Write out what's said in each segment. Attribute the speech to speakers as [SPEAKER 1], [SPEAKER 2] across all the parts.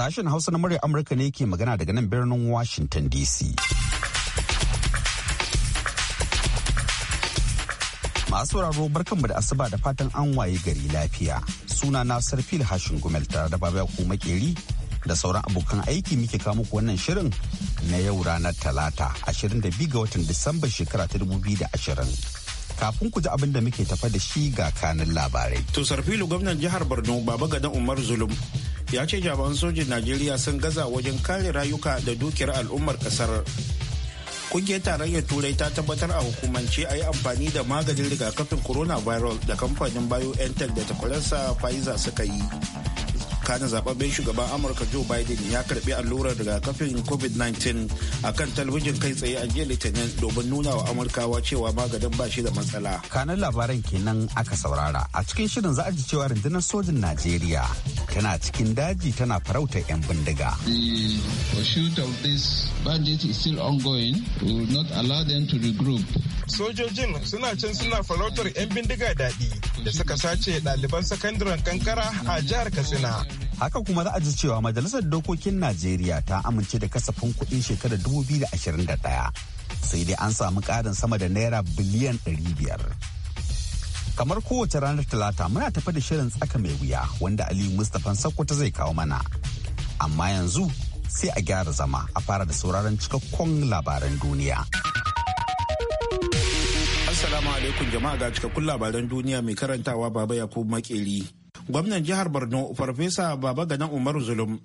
[SPEAKER 1] Sashen Hausa na murya Amurka ne ke magana daga nan birnin Washington DC. Masu sauraro barkanmu da asuba da fatan an waye gari lafiya. Suna na Sarfil Hashin Gumel tare da babu ku Makeri da sauran abokan aiki muke kawo muku wannan shirin na yau ranar Talata 22 ga watan Disamba shekara ta 2020. kafin ku ji abin da muke tafa da shi ga kanin labarai.
[SPEAKER 2] To Sarfilu gwamnan jihar Borno Baba Gadan Umar Zulum ya ce jami'an sojin najeriya sun gaza wajen kare rayuka da dukiyar al'ummar kasar kungiyar tarayyar turai ta tabbatar a hukumance a yi amfani da maganin rigakafin coronavirus da kamfanin biontech da takwalarsa pfizer suka yi kana zababben shugaban amurka joe biden ya karbi allurar rigakafin covid-19 a kan talabijin kai tsaye a jiya litinin domin nuna wa amurkawa cewa maganin ba shi da matsala
[SPEAKER 1] kanan labaran kenan aka saurara a cikin shirin za a ji cewa rundunar sojin najeriya tana cikin daji tana farauta 'yan bindiga
[SPEAKER 3] the pursuit of this bandit is still ongoing we will not allow them to regroup sojojin suna can suna farautar 'yan bindiga daɗi da suka sace ɗaliban sakandaren kankara a jihar katsina
[SPEAKER 1] haka kuma za a ji cewa majalisar dokokin najeriya ta amince da kasafin kuɗin shekarar 2021 sai dai an samu ƙarin sama da naira biliyan 500 kamar kowace ranar talata muna tafi da shirin tsaka mai wuya wanda aliyu mustapha sakkwato zai kawo mana amma yanzu sai a gyara zama a fara da sauraron cikakkun labaran
[SPEAKER 2] duniya Assalamu alaikum jama'a ga cikakkun labaran duniya mai karantawa Baba Yakubu Makeri. Gwamnan jihar Borno Farfesa Baba Gana Umar Zulum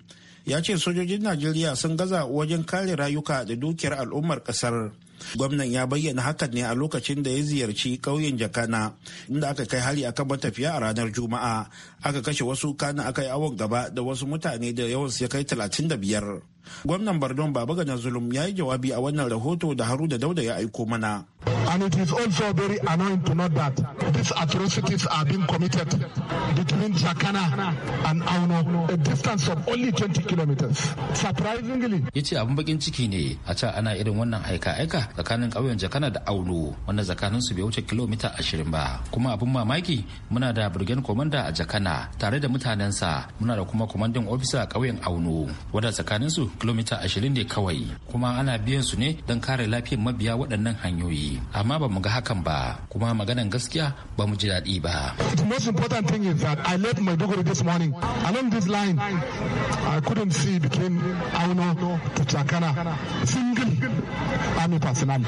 [SPEAKER 2] ya ce sojojin Najeriya sun gaza wajen kare rayuka da dukiyar al'ummar kasar. Gwamnan ya bayyana hakan ne a lokacin da ya ziyarci ƙauyen Jakana inda aka kai hari akan matafiya a ranar Juma'a aka kashe wasu kana aka yi awon gaba da wasu mutane da yawan su ya kai talatin da biyar. gwamnan bardon baba zulum ya yi jawabi a wannan rahoto da haru da dauda ya aiko mana
[SPEAKER 3] and it is also very annoying to note that these atrocities are being committed between jakana and Auno, a distance of only 20 kilometers.
[SPEAKER 4] Surprisingly, ya ce abin bakin ciki ne a can ana irin wannan aika-aika tsakanin ƙauyen Jakana da Auno, wanda tsakanin su bai wuce kilomita 20 ba. Kuma abin mamaki muna da burgen Komanda a Jakana tare da mutanensa muna da kuma kwamandin ofisa a ƙauyen Auno wadda tsakaninsu kilomita ashirin ne kawai kuma ana biyan su ne don kare lafiyar mabiya waɗannan hanyoyi amma ba mu ga hakan ba kuma maganan gaskiya ba mu ji daɗi ba.
[SPEAKER 3] The most important thing is that I left Maiduguri this morning along this line I couldn't see between Auno to Chakana single army personnel,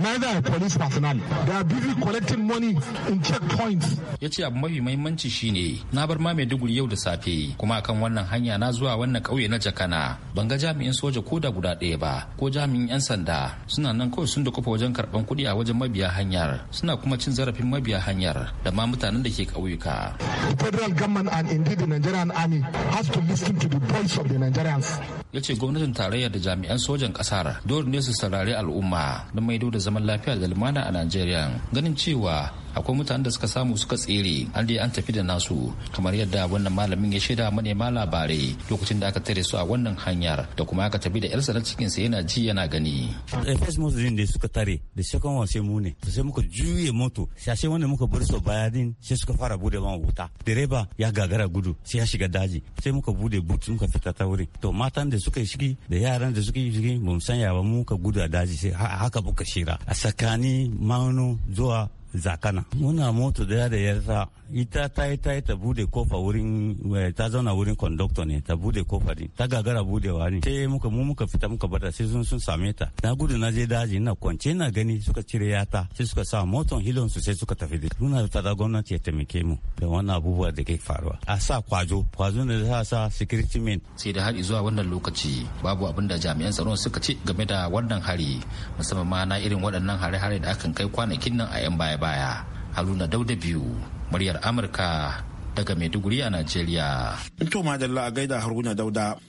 [SPEAKER 3] neither police personnel. They are busy collecting money in checkpoints.
[SPEAKER 4] Ya ce abu mafi mahimmanci shine na bar ma Maiduguri yau da safe kuma akan wannan hanya na zuwa wannan kauye na Jakana. Ban ga jami'in soja ko da guda ɗaya ba ko jami'in 'yan sanda suna nan kawai sun da kufa wajen karɓan kuɗi a wajen mabiya hanyar suna kuma cin zarafin mabiya hanyar da ma mutanen da ke ƙauyuka.
[SPEAKER 3] The federal government and indeed the Nigerian army has to listen to the voice of the Nigerians.
[SPEAKER 4] Ya ce gwamnatin tarayya da jami'an sojan ƙasar dole ne su saurari al al'umma don maido da zaman lafiya da lumana a najeriya ganin cewa akwai mutanen da suka samu suka tsere an dai an tafi da nasu kamar yadda wannan malamin ya shaida manema labarai lokacin da aka tare su a wannan hanyar da kuma aka tafi da yarsa sa cikin sa yana ji yana gani
[SPEAKER 5] eh, first motor din da suka tare da second one sai mu ne to sai muka juye moto sai wanda muka bar su baya din sai suka fara bude man wuta direba ya gagara gudu sai ya shiga daji sai muka bude but muka fita ta wuri to matan da suka shigi da yaran da suka shigi mun san ya muka gudu a daji sai haka buka shira a tsakanin manu zuwa zakana muna moto da da yarsa ita ta yi ta yi ta bude kofa wurin eh, ta zauna wurin kondoktor ne ta bude kofa din ta gagara budewa ne sai muka mu muka fita muka bada sai sun sun same ta na gudu na je daji na kwance na gani suka cire yata sai suka sa moton hilon su sai suka tafi da muna da gwamnati ya taimake mu da wannan abubuwa da ke faruwa a sa kwazo kwazo ne za sa
[SPEAKER 4] security men sai da hari zuwa wannan lokaci babu abin da jami'an tsaron suka ce game da wannan hari musamman ma na irin waɗannan hare-hare da akan kai kwanakin nan a yan baya baya haruna dauda biyu muryar amurka daga maiduguri a najeriya to madalla a gaida haruna dauda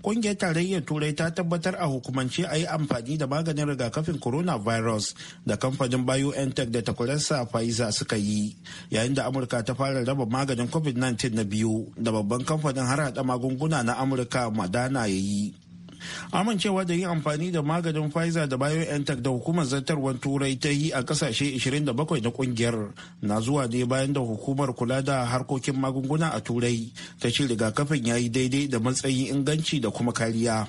[SPEAKER 2] Ƙungiyar tarayyar Turai ta tabbatar a hukumance a yi amfani da maganin rigakafin coronavirus da kamfanin BioNTech da takwararsa Pfizer suka yi, yayin da Amurka ta fara raba maganin COVID-19 na biyu da babban kamfanin har magunguna na Amurka Madana ya yi. amincewa da yin amfani da maganin pfizer da biontech da hukumar zartarwar turai ta yi a kasashe 27 na kungiyar na zuwa ne bayan da hukumar kula da harkokin magunguna a turai ta ce rigakafin ya yi daidai da matsayin inganci da kuma kariya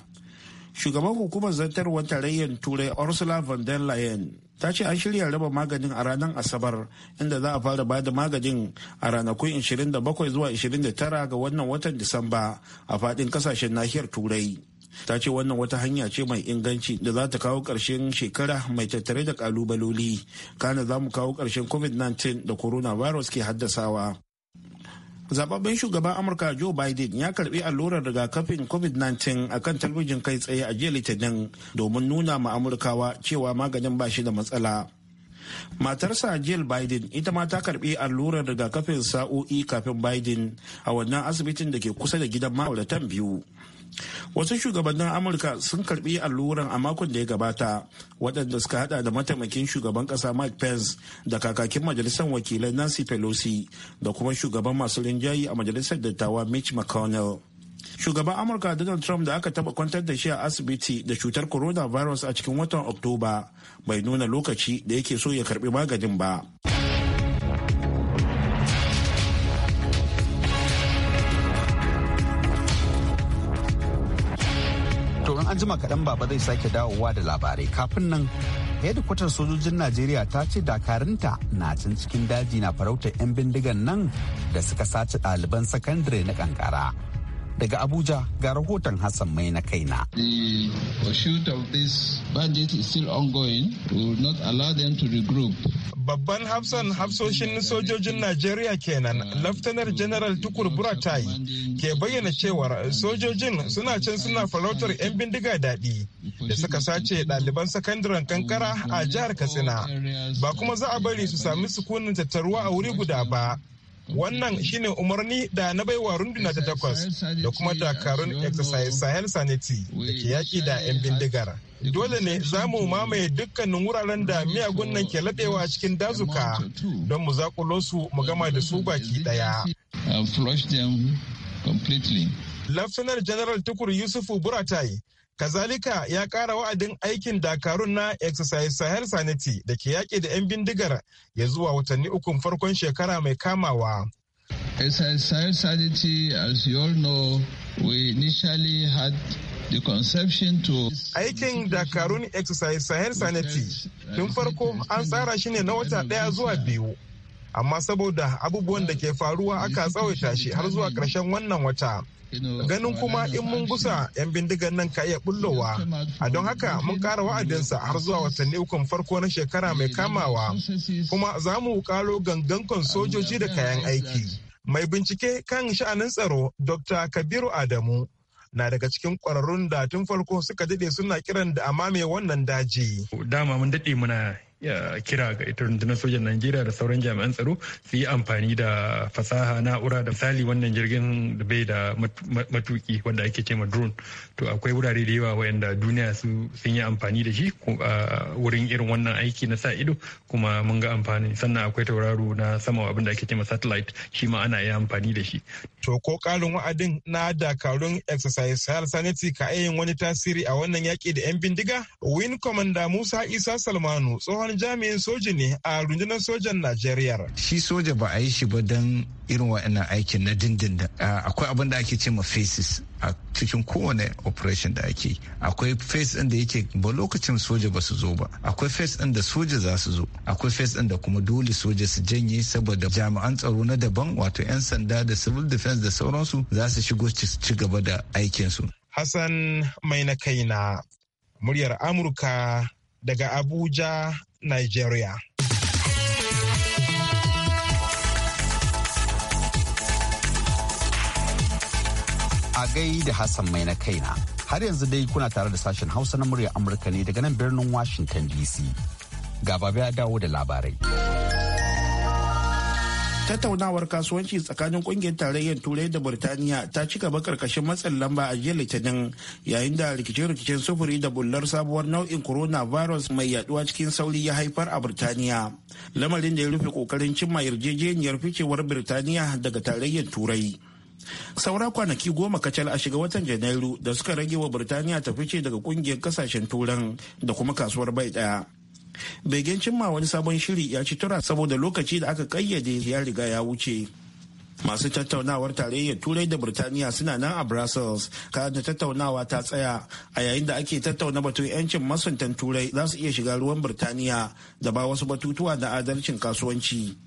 [SPEAKER 2] shugaban hukumar zartarwar tarayyar turai ursula von der leyen ta ce an shirya raba maganin a ranar asabar inda za a fara ba da maganin a ranakun 27 zuwa 29 ga wannan watan disamba a faɗin kasashen nahiyar turai ta ce wannan wata hanya ce mai inganci da za ta kawo ƙarshen shekara mai tattare da ƙalubaloli kana za mu kawo ƙarshen covid-19 da coronavirus ke haddasawa zababben shugaban amurka joe biden ya karbi allurar rigakafin covid-19 a kan talbijin kai tsaye a jiya litinin domin nuna ma amurkawa cewa maganin ba shi da matsala matarsa jill biden ita ma ta karbi allurar rigakafin sa'o'i kafin biden a wannan asibitin da ke kusa da gidan ma'auratan biyu wasu shugabannin amurka sun karbi alluran a makon da ya gabata waɗanda suka hada da mataimakin shugaban ƙasa mike pence da kakakin majalisar wakilai nancy pelosi da kuma shugaban masu rinjayi a majalisar dattawa mitch mcconnell shugaban amurka donald trump da aka taba kwantar da shi a asibiti da cutar coronavirus a cikin watan oktoba bai nuna lokaci da yake so ya karbi maganin ba.
[SPEAKER 1] jima kaɗan baba zai sake dawowa da labarai kafin nan hedikwatar sojojin najeriya ta ce dakarunta na can cikin daji na farautar 'yan bindigan nan da suka sace ɗaliban sakandare na kankara Daga Abuja ga rahoton Hassan mai na kaina.
[SPEAKER 3] Babban hafsan hafsoshin sojojin Najeriya kenan, Laftanar General Tukur Buratai ke bayyana cewar sojojin suna can suna farautar 'yan bindiga daɗi da suka sace ɗaliban sakandaren kankara a jihar Katsina. Ba kuma za a bari su sami sukunin tattaruwa a wuri guda ba. wannan shine umarni da na baiwa runduna ta takwas da kuma takarun exercise sahel sanity da ke yaƙi da 'yan bindigar dole ne za mu mamaye dukkanin wuraren da miyagun nan ke laɗewa cikin dazuka don mu zakulo su mu gama da su baki ɗaya. Laftanar General Tukur Yusufu Buratai Kazalika ya kara wa'adin aikin Dakarun na Exercise Sahel Sanity da ke yaƙi da 'yan bindigar ya zuwa watanni ukun farkon shekara mai kamawa. Exercise Sahel Sanity, as you Aikin Dakarun Exercise Sahel Sanity, tun farko an tsara shi ne na wata ɗaya zuwa biyu. amma saboda abubuwan da ke faruwa aka tsawaita shi har zuwa ƙarshen wannan wata ganin kuma in mun gusa 'yan bindigan nan ka iya bullowa a don haka mun ƙara wa'adinsa har zuwa watanni ukun farko na shekara mai kamawa kuma za mu kalo gangankon sojoji da kayan aiki mai bincike kan sha'anin tsaro dr kabiru adamu na daga cikin kwararrun da tun farko suka daɗe suna kiran da mai wannan daji
[SPEAKER 6] dama mun daɗe muna kira ga ita rundunar sojan Najeriya da sauran jami'an tsaro su yi amfani da fasaha na'ura da misali wannan jirgin da bai da matuki wanda ake ce ma drone to akwai wurare da yawa wayanda duniya su sun yi amfani da shi wurin irin wannan aiki na sa ido kuma mun ga amfani sannan akwai tauraro na sama abin da ake ce ma satellite shi ma ana iya amfani da shi to ko karin wa'adin na
[SPEAKER 3] dakarun exercise sahel sanity ka yin wani tasiri a wannan yaki da yan bindiga win commander musa isa salmanu tsohon wani jami'in soji ne a rundunar sojan Najeriya. Shi soja ba a yi shi ba don irin waɗannan aikin na dindindin. Akwai abin da ake ce ma faces a cikin kowane operation da ake akwai face ɗin da yake ba lokacin soja ba su zo ba akwai face ɗin da soja za su zo akwai face ɗin da kuma dole soja su janye saboda jami'an tsaro na daban wato 'yan sanda da civil defense da sauransu za su shigo ci gaba da aikinsu. Hassan mai na kaina muryar Amurka daga Abuja, Nigeria.
[SPEAKER 1] A gai da Hassan mai na kaina. Har yanzu dai kuna tare da sashen Hausa na murya Amurka ne daga nan
[SPEAKER 2] birnin Washington DC.
[SPEAKER 1] Gaba ya dawo da labarai.
[SPEAKER 2] tattaunawar kasuwanci tsakanin kungiyar tarayyar turai da burtaniya ta ci gaba karkashin matsin lamba a jiya litinin yayin da rikice-rikicen sufuri da bullar sabuwar nau'in coronavirus mai yaduwa cikin sauri ya haifar a burtaniya lamarin da ya rufe kokarin cimma yarjejeniyar ficewar birtaniya daga tarayyar turai saura kwanaki goma kacal a shiga watan janairu da suka rage wa birtaniya ta fice daga kungiyar kasashen turan da kuma kasuwar bai daya begen cimma wani sabon shiri ya ci tura saboda lokaci da aka kayyade ya riga ya wuce masu tattaunawar tarayyar turai da birtaniya suna nan a brussels kada tattaunawa ta tsaya a yayin da ake tattauna batun yancin masuntan turai za su iya shiga ruwan birtaniya da ba wasu batutuwa da adalcin kasuwanci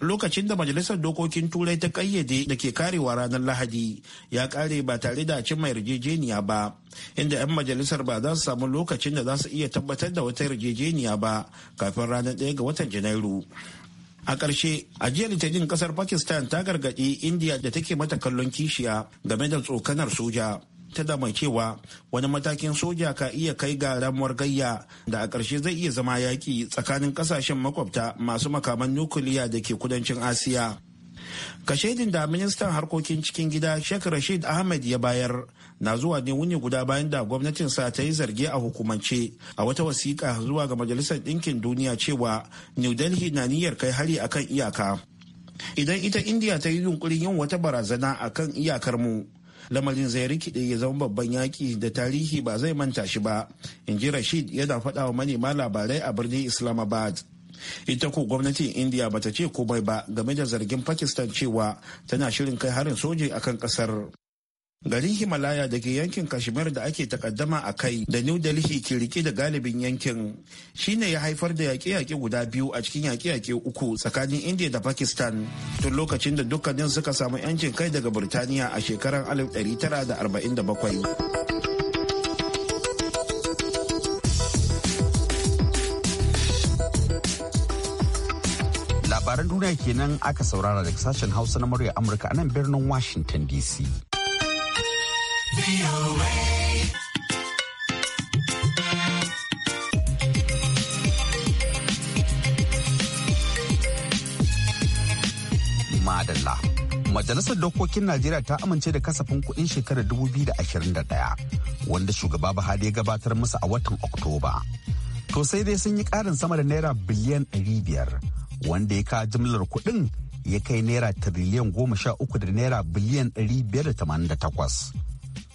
[SPEAKER 2] lokacin da majalisar dokokin turai ta kayyade da ke karewa ranar lahadi ya kare ba tare da cimma yarjejeniya ba inda 'yan majalisar ba za su samu lokacin da za su iya tabbatar da wata yarjejeniya ba kafin ranar 1 ga watan janairu a ƙarshe a litinin ƙasar pakistan ta gargaɗi indiya da take mata kallon kishiya game da tsokanar soja ta mai cewa wani matakin soja ka iya kai ga ramuwar gayya da a ƙarshe zai iya zama yaƙi tsakanin ƙasashen makwabta masu makaman nukiliya da ke kudancin asiya kashedin da ministan harkokin cikin gida sheikh rashid ahmed ya bayar na zuwa ne wuni guda bayan da gwamnatin sa ta yi zarge a hukumance a wata wasiƙa zuwa ga majalisar ɗinkin duniya cewa new delhi na niyyar kai hari akan iyaka idan ita india ta yi yunkurin yin wata barazana akan iyakar mu lamarin zai rikide ya zama babban yaki da tarihi ba zai manta shi ba in ji rashid yana faɗa wa manema labarai a birnin islamabad ita ko gwamnatin india bata ce komai ba game da zargin pakistan cewa tana shirin kai harin soji akan kasar Garin Himalaya da ke yankin Kashmir da ake takaddama a kai da New Delhi ke rike da galibin yankin shine ya haifar da yaƙe-yaƙe guda biyu a cikin yaƙe-yaƙe uku tsakanin India da Pakistan tun lokacin da dukkanin suka samu 'yancin kai daga Birtaniya a shekarar 1947. labaran
[SPEAKER 1] duniya kenan aka saurara daga sashen hausa na murya amurka a nan birnin washington dc Madalla. Majalisar Dokokin Najeriya ta amince da kasafin kuɗin shekarar 2021 wanda shugaba Buhari ya gabatar musu a watan Oktoba. To sai dai sun yi ƙarin sama da naira biliyan 500 wanda ya kawo jimlar kuɗin ya kai naira tiriliyan 13 da naira biliyan 588.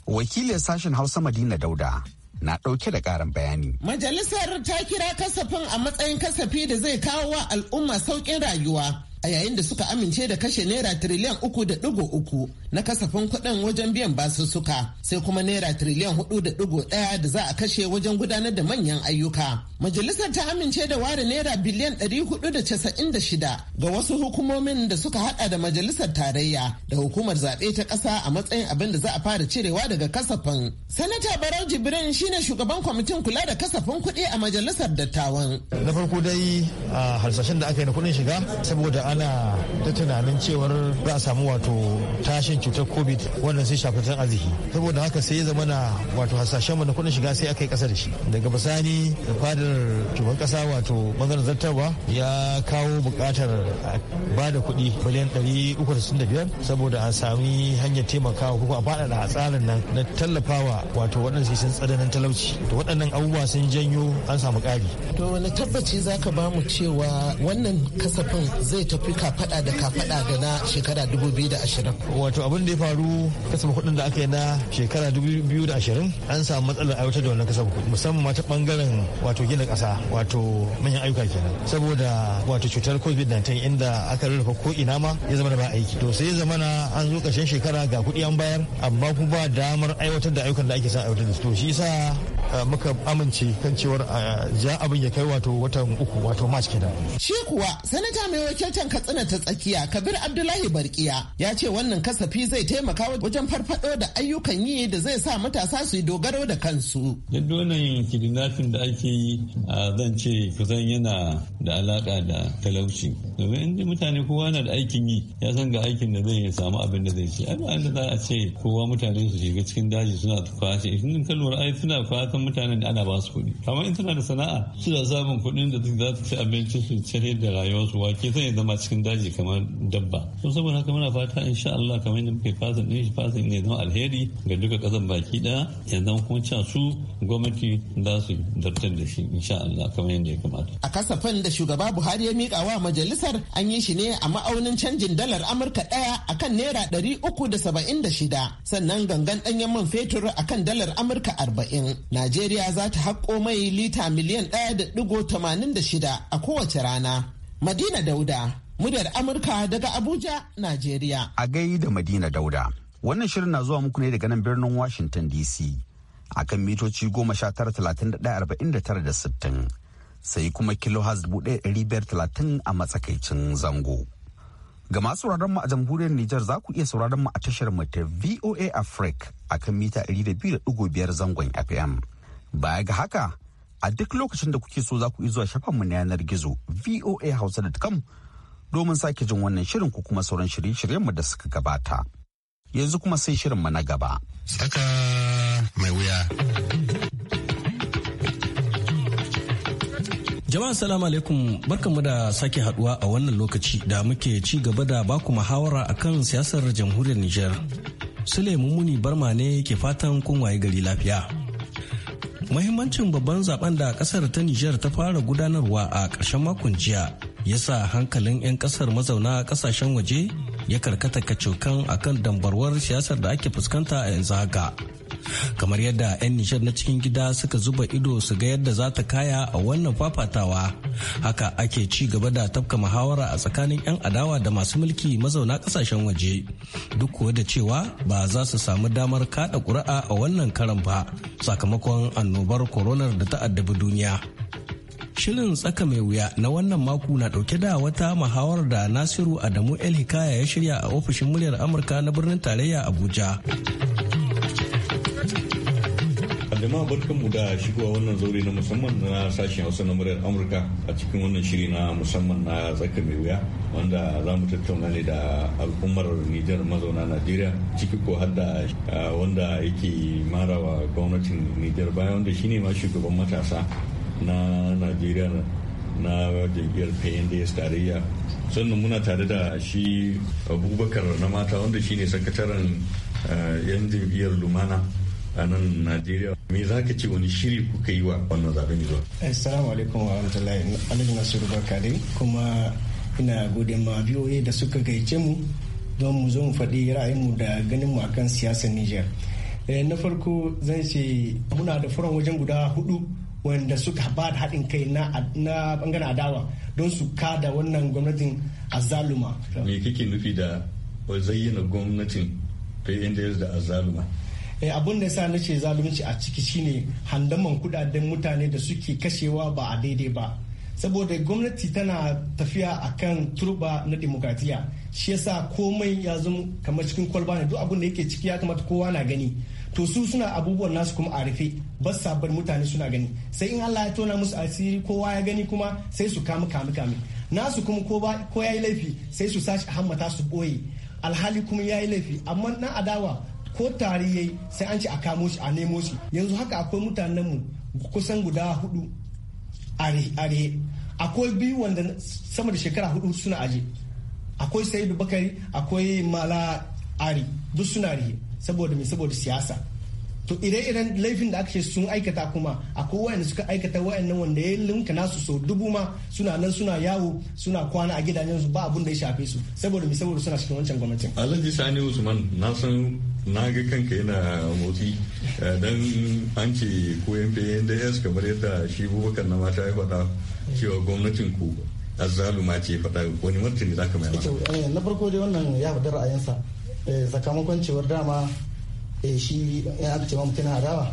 [SPEAKER 1] wakilin sashen hausa madina dauda na dauke da ƙarin bayani.
[SPEAKER 7] Majalisar ta kira kasafin a matsayin kasafi da zai kawo wa al'umma sauƙin rayuwa. a yayin da suka amince da kashe naira tiriliyan uku da digo uku na kasafin kuɗin wajen biyan basu suka sai kuma naira triliyan hudu da digo ɗaya da za a kashe wajen gudanar da manyan ayyuka. Majalisar ta amince da ware naira biliyan ɗari hudu da casa'in da shida ga wasu hukumomin da suka haɗa da majalisar tarayya da hukumar zaɓe ta ƙasa a matsayin abin da za a fara cirewa daga kasafin. Sanata Barau Jibrin shine shugaban kwamitin kula da kasafin
[SPEAKER 8] kuɗi a majalisar dattawan. Na farko dai a da aka yi na kuɗin shiga saboda ana ta tunanin cewar za a samu wato tashin cutar covid wannan sai shafi tun arziki saboda haka sai ya zama na wato hasashen na kudin shiga sai aka yi kasa da shi daga bisani fadar shugaban kasa wato bangaren zartarwa ya kawo bukatar ba da kuɗi miliyan 365 saboda a sami hanyar taimakawa ko a faɗaɗa a tsarin nan na tallafawa wato waɗanda sun tsananin talauci to waɗannan abubuwa sun janyo an samu ƙari.
[SPEAKER 7] to wani tabbaci za ka bamu cewa wannan kasafin zai tafi fi kafada da kafada da na shekara 2020
[SPEAKER 8] wato abin da ya faru kasafin kudin da aka yi na shekara 2020 an samu matsalar aiwatar da wannan kasafin kuɗi musamman ma ta bangaren wato gina ƙasa wato manyan ayyuka kenan saboda wato cutar covid-19 inda aka rarrafa ko ina ma ya zama da ba aiki to sai ya zama na an zo ƙarshen shekara ga kuɗi an bayar amma kuma ba damar aiwatar da ayyukan da ake son aiwatar da su to shi yasa eh, muka amince kan cewar ja eh, abin ya kai wato watan uku wato march kenan shi
[SPEAKER 7] kuwa sanata mai wakiltar ka Katsina ta tsakiya Kabir Abdullahi Barkiya ya ce wannan kasafi zai taimaka wajen farfado da ayyukan yi da zai sa matasa su yi dogaro da kansu.
[SPEAKER 6] Duk wannan kidnapping da ake yi zan ce kusan yana da alaka da talauci. Domin inda mutane kowa na da aikin yi ya san ga aikin da zai samu abin da zai ci. amma inda za a ce kowa mutane su shiga cikin daji suna kwashe in ka lura ai suna fatan mutanen da ana ba su kuɗi. kamar in suna da sana'a suna samun kuɗin da za su ci abinci su cire da rayuwarsu wake yi zama cikin daji kamar dabba to saboda haka muna fata insha Allah kamar yadda muke fasin din shi fasin ne zama alheri ga duka kasan baki daya yanzu kuma cewa su gwamnati za su dartar da shi insha Allah kamar yadda ya kamata
[SPEAKER 7] a kasafin da shugaba Buhari ya mika wa majalisar an yi shi ne a ma'aunin canjin dalar Amurka daya akan naira ɗari uku da saba'in da shida sannan gangan ɗanyen man fetur akan dalar Amurka arba'in Najeriya za ta haƙo mai lita miliyan ɗaya da ɗigo tamanin da shida a kowace rana Madina Dauda, Muryar Amurka daga Abuja, Najeriya.
[SPEAKER 1] A gai da Madina Dauda.
[SPEAKER 7] Wannan shirin na zuwa muku
[SPEAKER 1] ne daga nan birnin Washington DC. A kan mitoci goma sha tara talatin da ɗaya arba'in da tara da sittin. Sai kuma kilohaz dubu ɗaya ɗari biyar talatin a matsakaicin zango. Ga masu sauraron mu a jamhuriyar Nijar za ku iya sauraron mu a tashar mu ta VOA Africa a kan mita ɗari da biyu da ɗigo biyar zangon FM. Baya ga haka, a duk lokacin da kuke so za ku iya zuwa mu na yanar gizo voahausa.com domin sake jin wannan shirin ku kuma sauran shirye mu da suka gabata. Yanzu kuma sai shirin shirinmu na gaba.
[SPEAKER 5] Saka mai wuya. Jama'a salamu alaikum barkanmu da sake haduwa a wannan lokaci da muke ci gaba da baku muhawara akan siyasar jamhuriyar Nijar. Sule Mummuni Barma ne ke fatan kun waye gari lafiya. Muhimmancin babban zaben da kasar ta Nijar ta fara gudanarwa a ƙarshen makon jiya ya sa hankalin 'yan kasar mazauna kasashen waje ya karkata a kan dambarwar siyasar da ake fuskanta a yanzu haka kamar yadda 'yan nishar na cikin gida suka zuba ido su ga yadda za ta kaya a wannan fafatawa haka ake ci gaba da tafka muhawara a tsakanin 'yan adawa da masu mulki mazauna kasashen waje duk kuwa da cewa ba za su samu damar kada ƙuri'a a wannan karan ba sakamakon annobar koronar da ta addabi duniya Shirin tsaka mai wuya na wannan mako na dauke da wata muhawar da Nasiru Adamu El Hikaya ya shirya a ofishin muryar Amurka na birnin tarayya Abuja.
[SPEAKER 6] barkan mu da shigowa wannan zaure na musamman na sashen Hausa na muryar Amurka a cikin wannan shiri na musamman na tsaka mai wuya wanda za mu tattauna ne da al'ummar Nijar mazauna Najeriya ciki ko har da ah, wanda yake marawa gwamnatin Nijar baya wanda shine ma shugaban matasa na najeriya na jam'iyyar pnds tarayya sannan muna tare da shi abubakar na mata wanda shi ne sakataren eh, yan jam'iyyar lumana a nan najeriya me za ka ce wani shiri kuka yi wa wannan zaben zuwa
[SPEAKER 9] assalamu alaikum wa rahmatullahi alhaji nasiru barka dai kuma ina gode ma biyoyi da suka gaice mu don mu zo mu faɗi mu da ganin mu akan siyasar niger eh, na farko zan ce muna da furan wajen guda hudu wanda suka ba da haɗin kai na bangaren adawa don su kada wannan gwamnatin azaluma.
[SPEAKER 6] me kake nufi da zayyana gwamnatin pnds da azaluma
[SPEAKER 9] eh, abin da sa na ce zalunci a ciki shine handaman kudaden mutane da suke kashewa ba a daidai ba saboda gwamnati tana tafiya a kan turba na demokratiya shi yasa komai ya zama kamar cikin kwalba ne duk abin da yake ciki ya kamata kowa na gani to su suna abubuwan nasu kuma a rufe ba sabbin mutane suna gani sai in Allah ya tona musu asiri kowa ya gani kuma sai su kamu kamu kamu nasu kuma ko ya yi laifi sai su sashi hammata su boye alhali kuma yayi laifi amma na adawa ko tarihi sai an ci a kamo shi a nemo shi yanzu haka akwai mutanen mu kusan guda hudu are akwai biyu wanda sama da shekara hudu suna aje akwai sayidu bakari akwai mala ari duk suna rihe saboda me saboda siyasa to ire-iren laifin da aka ce sun aikata kuma akwai wayanda suka aikata wayannan wanda ya linka nasu so dubu ma suna nan suna yawo suna kwana a gidajen su ba abun da ya shafe su saboda mai saboda suna cikin wancan gwamnatin
[SPEAKER 6] alhaji sani usman na san na ga kanka yana motsi eh, dan an ce ko suka kamar yadda shi bubakar na mata ya faɗa cewa gwamnatin ku azzaluma ce faɗa wani martini ka mai eh,
[SPEAKER 10] eh, na farko dai wannan ya faɗi ra'ayinsa Eh, sakamakon cewar dama eh, shi ya eh, aka cewa mutum harawa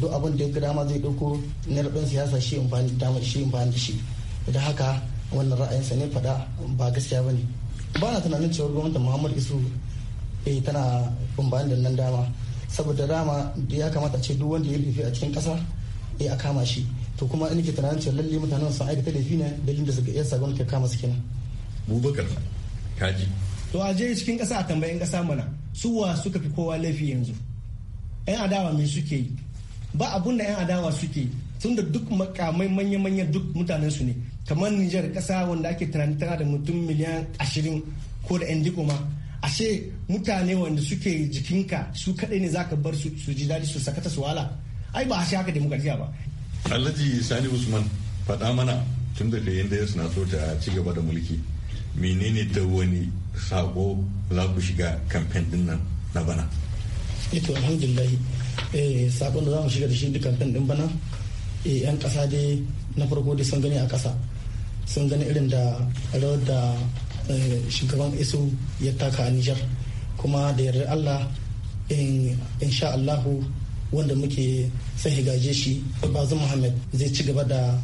[SPEAKER 10] duk abin da ya dama zai ɗauko na rabin siyasa shi in da dama shi amfani da shi da haka wannan ra'ayinsa ne fada ba gaskiya ba ne ba na tunanin cewar gwamnatin muhammad isu tana bani da nan dama saboda dama ya kamata ce duk wanda ya laifi a cikin ƙasa a kama shi to kuma in
[SPEAKER 9] ke tunanin cewa lalle mutanen sun aikata laifi ne dalilin da suka iya sabon ka kama su kenan bubakar kaji to a je cikin kasa a tambayin kasa mana suwa suka fi kowa laifi yanzu yan adawa me suke yi ba abun da yan adawa suke yi tun da duk makamai manya-manya duk mutanen su ne kamar Nijar kasa wanda ake tunani tana da mutum miliyan ashirin ko da 'yan diko ma ashe mutane wanda suke jikinka su kaɗai ne zaka bar su su ji daɗi su sakata su wala ai ba ashe haka demokratiya ba
[SPEAKER 6] alhaji sani usman faɗa mana tun da yadda ya suna so ta ci gaba da mulki menene da wani sako za ku shiga kamfen din nan na bana
[SPEAKER 10] ito eh alhamdulillah eh da za mu shiga da shi kamfen din bana eh yan kasa dai na farko da sun gani a kasa sun gani irin da rawar da eh, shugaban isu ya taka a Nijar kuma da yardar Allah in sha Allahu wanda muke sai gaje shi Bazum Muhammad zai ci gaba da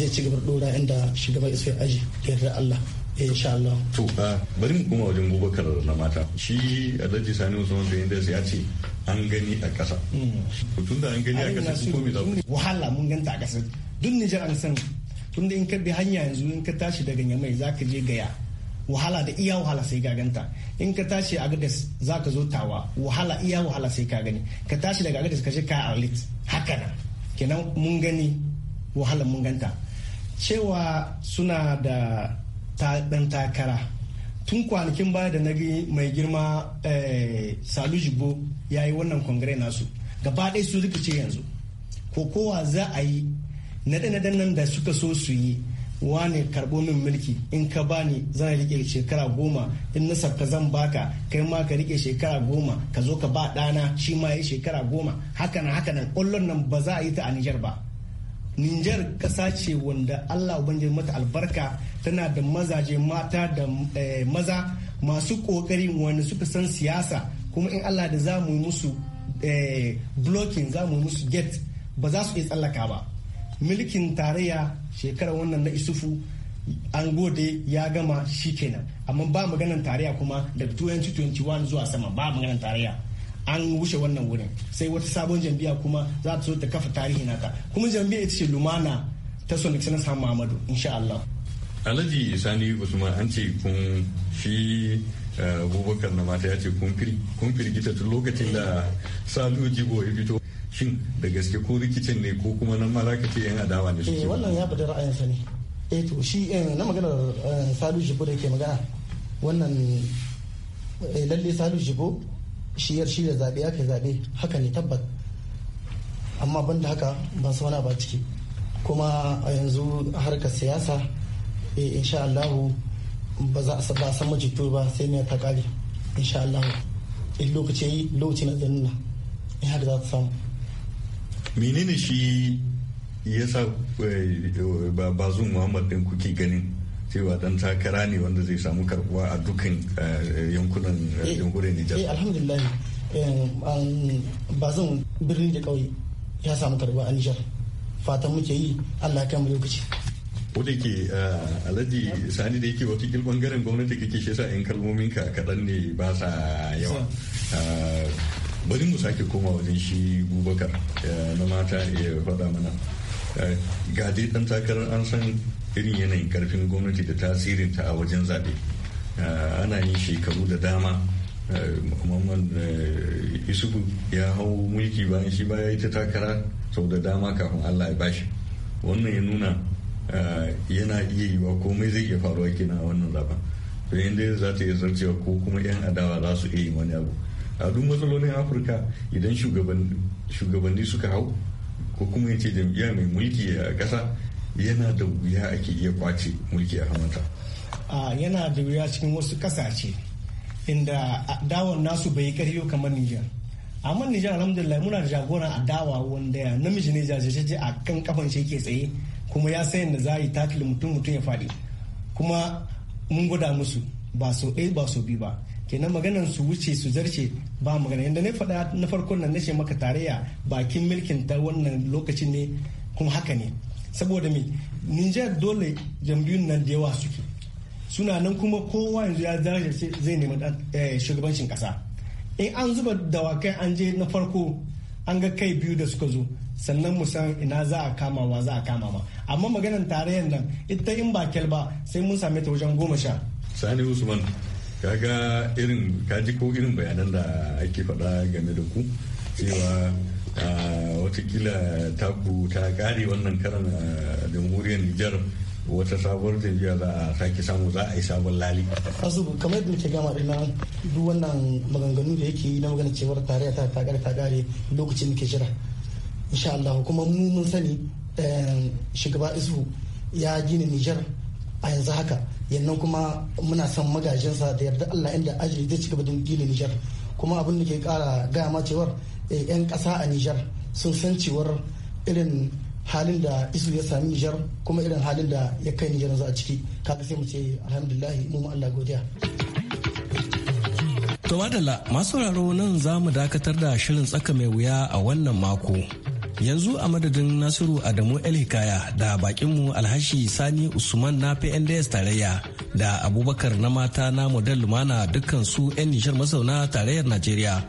[SPEAKER 10] zai ci gaba dora inda shugaban isu ya aji da yardar Allah Inshallah.
[SPEAKER 6] to to bari mu kuma wajen Bubakar na mata shi Alhaji Sani Usman da inda sai ya ce an gani a ƙasa
[SPEAKER 9] hmm.
[SPEAKER 6] tun da an gani a ƙasa ko me za
[SPEAKER 9] wahala mun ganta a ƙasa duk Nijar an san tun da in ka bi hanya yanzu in ka tashi daga Nyamai zaka je Gaya wahala da iya wahala sai ka ganta in ka tashi a gadas za ka zo tawa wahala iya wahala sai ka gani ka tashi daga gadas ka ka lit haka nan kenan mun gani wahala mun ganta cewa suna da ɗan takara tun kwanakin baya da na mai girma eh, salu jibo ya yi wannan kongire nasu gaba ɗaya su rikice yanzu ko kowa za a yi naɗe-naɗen nan da suka so su yi wane karɓo min mulki in ka bani zan rike shekara goma in na sabka zan baka kai ma ka rike shekara goma ka zo ka ba ɗana shi ma ya yi shekara goma hakanan hakanan ƙwallon nan ba za a yi ta a Nijar ba Nijar ƙasa ce wanda Allah ubangiji mata albarka tana da mazaje mata da eh, maza masu ƙoƙari wanda suka san siyasa kuma in Allah da za mu musu eh, blocking za mu musu gate ba za su iya tsallaka ba. Mulkin tarayya shekarar wannan na Isufu an gode ya gama shi kenan amma ba maganan tarayya kuma daga 2021 zuwa sama ba maganan tarayya. an wuce wannan wurin sai wata sabon jam'iyya kuma za ta zo ta kafa tarihi nata kuma jam'iyya ita ce lumana ta son sana samu amadu insha Allah.
[SPEAKER 6] alhaji sani usman an ce kun fi eh, abubakar na mata ya ce kun firgita tun lokacin da salu jibo ya fito shin da gaske ko rikicin ne ko kuma nan ma za ce yan adawa ne suke eh, wannan
[SPEAKER 10] ya bada ra'ayinsa ne eh to shi eh, na maganar salu jibo da yake magana wannan lalle salu jibo shi da zaɓe ya kai zaɓe haka ne tabbat amma banda haka ban sauna ba ciki kuma a yanzu harkar siyasa eh, insha Allahu ba za a san majito ba sai ne ta kare insha Allahu in lokaci yi lokaci na zanuna in haka za ta samu
[SPEAKER 6] menene shi ya sa eh, eh, bazun muhammad din kuke ganin cewa dan takara ne wanda zai samu karbuwa a dukkan eh, yankunan eh, yankunan Nijar. Eh alhamdulillah
[SPEAKER 10] eh, ba zan birni da ƙauye ya samu karbuwa a Nijar. Fatan muke yi Allah
[SPEAKER 6] kan mu lokaci. ko da ke alhaji sani da yake wata gil bangaren gwamnati kake shi sa yan kalmominka kaɗan ne ba sa yawa bari mu sake koma wajen shi bubakar na mata ya faɗa mana ga dai ɗan takarar an san irin yanayin karfin gwamnati da tasirin ta a wajen zaɓe ah, ana yin shekaru da dama Muhammad ah, eh, Isufu ya hau mulki bayan shi baya ita takara sau da dama kafin Allah ya bashi wannan ya nuna ah, yana iya yiwa komai zai iya faruwa kenan a wannan zaɓen to inda za ta iya zarcewa ko kuma 'yan adawa za su iya yi wani abu a duk matsalolin afirka idan shugabanni suka hau ko kuma ya ce jam'iyya mai mulki a ƙasa yana da wuya ake iya kwace mulki a hamata
[SPEAKER 9] yana da wuya cikin wasu kasashe inda dawon nasu bai karyo kamar Nijar. amma Nijar alhamdulillah muna da jagora a dawa wanda namiji ne jajajaje a kan kafan shi ke tsaye kuma ya sayan da za yi takil mutum mutum ya faɗi kuma mun gwada musu ba so ɗaya ba so biyu ba kenan maganan su wuce su zarce ba magana yadda na faɗa na farkon nan na maka tarayya bakin mulkin ta wannan lokacin ne kuma haka ne saboda me Nijar dole jam'iyyun nan da yawa suke suna nan kuma kowa yanzu ya darajarce zai nemi eh, shugabancin kasa in an zuba dawakai an je na farko an ga kai biyu da suka zo sannan mu ina za a kama wa za a kama ma amma maganar tarayyar nan ita in ba kyal ba sai mun same ta wajen goma sha
[SPEAKER 6] sani usman kaga irin kaji ko irin bayanan da ake faɗa game da ku cewa watakila taku ta kare wannan karan a jamhuriyar nijar wata sabuwar jam'iyya za a sake samu za a yi sabon lali. asu
[SPEAKER 10] kamar yadda muke gama da nan duk wannan maganganu da yake yi na magana cewar tarayya ta ta ta kare lokacin muke jira insha Allah kuma mu mun sani eh, shugaba isu ya gina nijar a yanzu haka yannan kuma muna son magajinsa da yarda Allah inda ajiye zai gaba da gina nijar kuma abin da ke kara gaya ma cewar Eh, 'yan kasa a Nijar sun san cewar irin halin da isu ya sami Nijar kuma irin halin da ya kai Nijar yanzu a ciki kaga sai mu ce alhamdulillahi mu Allah godiya.
[SPEAKER 5] To masu sauraro nan za mu dakatar da shirin tsaka mai wuya a wannan mako yanzu a madadin nasiru adamu Elhikaya da bakinmu alhashi sani usman na pnds tarayya da abubakar na mata na model lumana dukkan su 'yan nishar masauna tarayyar najeriya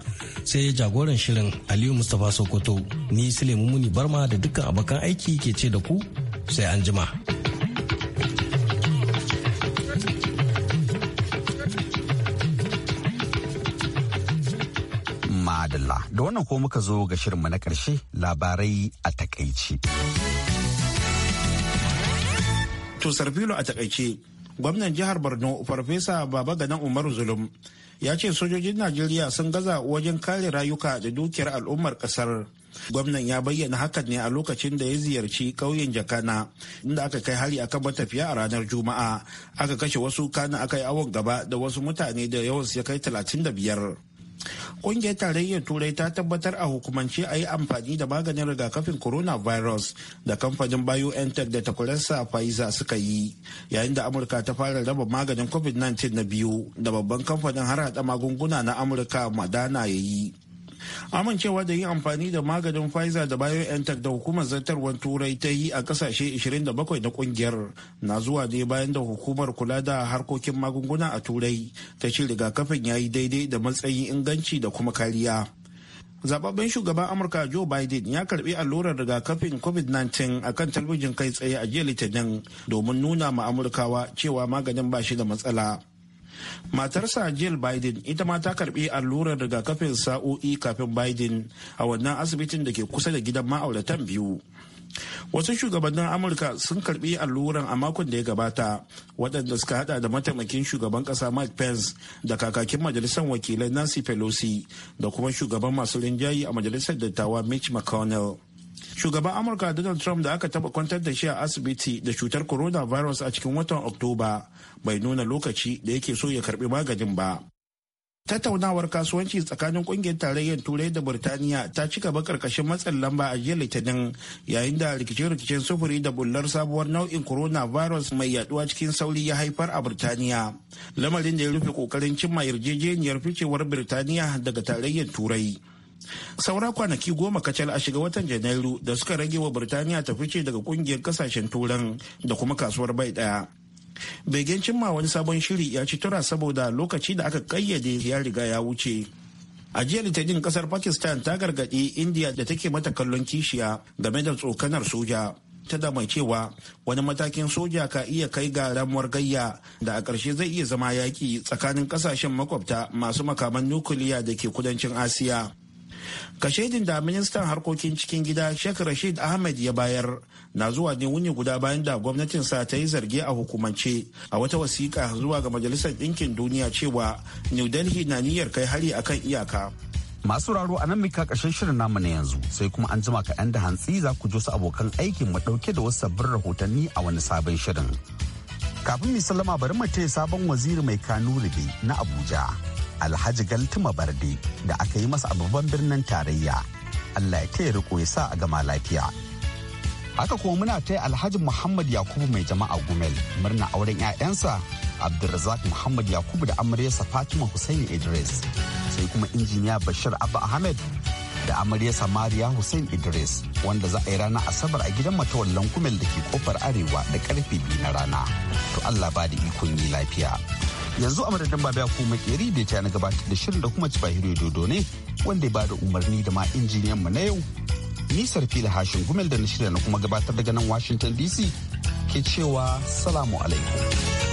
[SPEAKER 5] sai jagoran shirin aliyu mustapha sokoto ni sule muni barma da dukkan abokan aiki ke ce da ku sai an jima.
[SPEAKER 1] da wannan ko muka zo ga shirinmu na ƙarshe labarai a takaici.
[SPEAKER 2] To Sarfilo a takaice, gwamnan jihar Borno Farfesa Baba Ganan Umar Zulum ya ce sojojin Najeriya sun gaza wajen kare rayuka da dukiyar al'ummar ƙasar. Gwamnan ya bayyana hakan ne a lokacin da ya ziyarci ƙauyen Jakana inda aka kai hari akan matafiya a ranar Juma'a. Aka kashe wasu kana aka yi awon gaba da wasu mutane da yawansu ya kai talatin da biyar. Ƙungiyar tarayyar Turai ta tabbatar a hukumance a yi amfani da maganin rigakafin coronavirus da kamfanin BioNTech da takwararsa Pfizer suka yi, yayin da Amurka ta fara raba maganin COVID-19 na biyu da babban kamfanin har magunguna na Amurka Madana ya yi. amincewa da yin amfani da maganin pfizer da biontech da hukumar zartarwar turai ta yi a kasashe 27 na kungiyar na zuwa ne bayan da hukumar kula da harkokin magunguna a turai ta ce rigakafin ya yi daidai da matsayin inganci da kuma kariya zababben shugaban amurka joe biden ya karbi allurar rigakafin covid-19 a kan talbijin kai tsaye a jiya litinin domin nuna ma amurkawa cewa maganin ba shi da matsala matarsa jill biden ita ma ta karbi allurar rigakafin sa'o'i kafin biden a wannan asibitin da ke kusa da gidan ma'auratan biyu wasu shugabannin amurka sun karbi alluran a makon da ya gabata waɗanda suka hada da mataimakin shugaban ƙasa mike pence da kakakin majalisar wakilai nancy pelosi da kuma shugaban masu rinjayi a majalisar dattawa mitch mcconnell shugaban amurka donald trump da aka taba kwantar da shi a asibiti da cutar coronavirus a cikin watan oktoba bai nuna lokaci da yake so ya karbi maganin ba tattaunawar kasuwanci tsakanin kungiyar tarayyar turai da burtaniya ta ci gaba karkashin matsin lamba a jiya litinin yayin da rikice-rikicen sufuri da bullar sabuwar nau'in coronavirus mai yaduwa cikin sauri ya haifar a burtaniya lamarin da ya rufe kokarin cimma yarjejeniyar ficewar burtaniya daga tarayyar turai saura kwanaki goma kacal a shiga watan janairu da suka rage wa birtaniya ta fice daga kungiyar kasashen turan da kuma kasuwar bai daya begen cimma wani sabon shiri ya ci tura saboda lokaci da aka kayyade ya riga ya wuce a jiya litinin kasar pakistan ta gargaɗi indiya da take mata kallon kishiya game da tsokanar soja ta da mai cewa wani matakin soja ka iya kai ga ramuwar gayya da a ƙarshe zai iya zama yaƙi tsakanin ƙasashen makwabta masu makaman nukiliya da ke kudancin asiya kashedin da ministan harkokin cikin gida sheikh rashid ahmed ya bayar na zuwa ne wuni guda bayan da gwamnatin sa ta yi zarge a hukumance a wata wasiƙa zuwa ga majalisar ɗinkin duniya cewa new delhi na niyyar kai hari akan iyaka masu raro a nan muka ƙarshen
[SPEAKER 1] shirin namu na yanzu sai kuma an jima ka 'yan da hantsi za ku ji su abokan aikin mu ɗauke da wasu sabbin rahotanni a wani sabon shirin kafin mu sallama bari mu taya sabon waziri mai kanu na abuja alhaji galtuma barde da aka yi masa a babban birnin tarayya allah ya taya riko ya sa a gama lafiya haka kuma muna taya alhaji muhammad yakubu mai jama'a gumel murna auren 'ya'yansa abdulrazak muhammad yakubu da amaryarsa fatima hussein idris sai kuma injiniya bashir abba ahmed da amaryarsa mariya hussein idris wanda za a yi rana asabar a gidan matawallan kumel da ke kofar arewa da karfe biyu na rana to allah ba da ikon yi lafiya yanzu a madadin babu yaku makeri da ta na gabatar da shirin da kuma ci bahiro dodo ne wanda ya bada umarni da ma injiniyan mu na yau nisar fila hashin gumel da na shirya na kuma gabatar daga nan washington dc ke cewa salamu alaikum